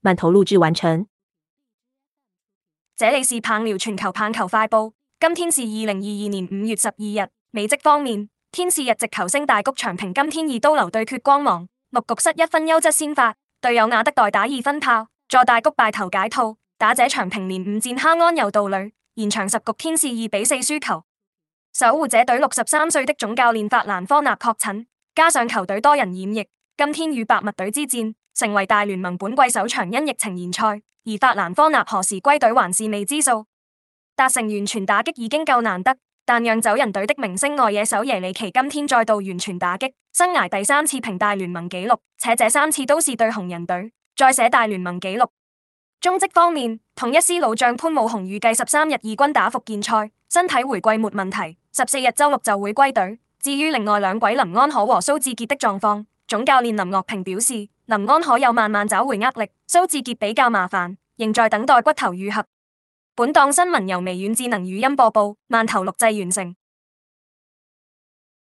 慢投錄製完成。這裏是棒聊全球棒球快報。今天是二零二二年五月十二日。美職方面，天使日籍球星大谷長平今天二刀流對決光芒，六局失一分優質先發，隊友亞德代打二分炮，在大谷敗投解套。打者長平連五戰敲安有道理，延長十局天使二比四輸球。守護者隊六十三歲的總教練法蘭科納確診，加上球隊多人染疫，今天與白襪隊之戰。成為大聯盟本季首場因疫情延賽，而法蘭科納何時歸隊還是未知數。達成完全打擊已經夠難得，但釀酒人隊的明星外野手耶里奇今天再度完全打擊，生涯第三次平大聯盟紀錄，且這三次都是對紅人隊，再寫大聯盟紀錄。中職方面，統一獅老將潘武雄預計十三日二軍打復健賽，身體回歸沒問題，十四日週六就會歸隊。至於另外兩位林安可和蘇智傑的狀況，總教練林岳平表示。林安可有慢慢找回壓力，蘇智傑比較麻煩，仍在等待骨頭癒合。本檔新聞由微軟智能語音播報，慢頭錄製完成。